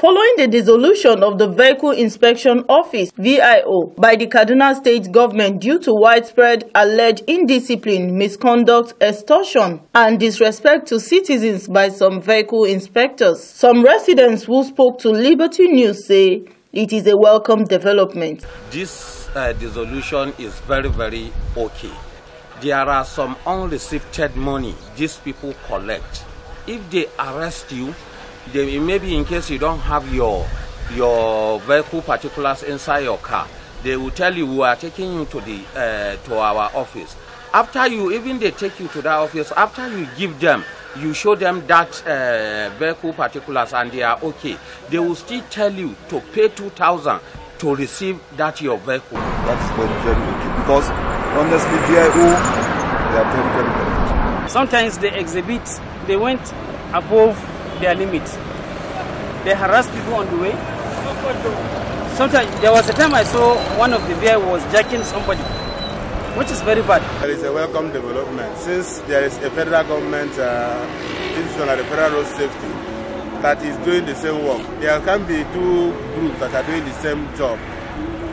Following the dissolution of the Vehicle Inspection Office VIO by the Kaduna State government due to widespread alleged indiscipline, misconduct, extortion, and disrespect to citizens by some vehicle inspectors, some residents who spoke to Liberty News say it is a welcome development. This uh, dissolution is very, very okay. There are some unreceived money these people collect. If they arrest you, they, maybe in case you don't have your your vehicle particulars inside your car, they will tell you we are taking you to the uh, to our office. After you, even they take you to that office. After you give them, you show them that uh, vehicle particulars, and they are okay. They will still tell you to pay two thousand to receive that your vehicle. That's very very okay because honestly, VIO they are very very good. Sometimes they exhibit. They went above their limits. They harass people on the way. Sometimes there was a time I saw one of the bear was jacking somebody, which is very bad. There is a welcome development since there is a federal government uh, institution like the Federal Road Safety that is doing the same work. There can be two groups that are doing the same job.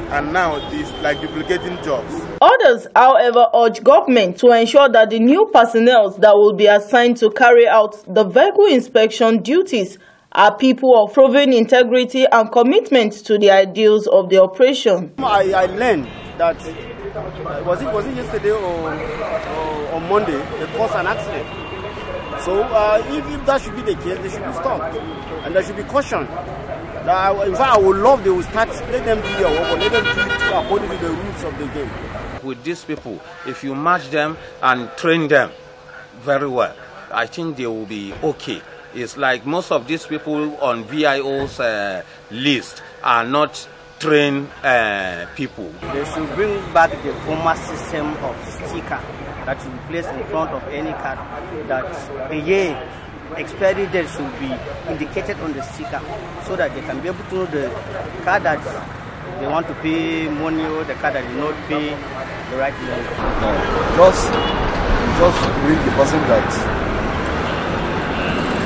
and now this like duplicating jobs. Others, however, urge government to ensure that the new personnel that will be assigned to carry out the vehicle inspection duties are people of proven integrity and commitment to the ideals of the operation. I, I learned that uh, was it was it yesterday or, or on Monday they caused an accident So uh, if, if, that should be the case, they should be stopped. And there should be caution. in fact, I would love they would start, let them do their work, let them do it according to the rules of the game. With these people, if you match them and train them very well, I think they will be okay. It's like most of these people on VIO's uh, list are not trained uh, people. They should bring back the former system of sticker that should be placed in front of any card that the year expiry date should be indicated on the sticker so that they can be able to know the card that they want to pay money or the card that did not pay the right money. No, just, just read the person that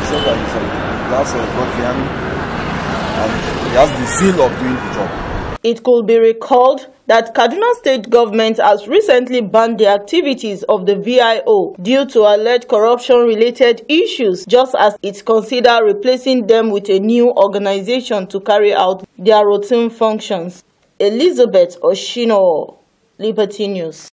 show that he's a, that's a and he has the seal of doing the job. It could be recalled that Kaduna State government has recently banned the activities of the VIO due to alleged corruption-related issues, just as it considered replacing them with a new organization to carry out their routine functions. Elizabeth Oshino, Liberty News.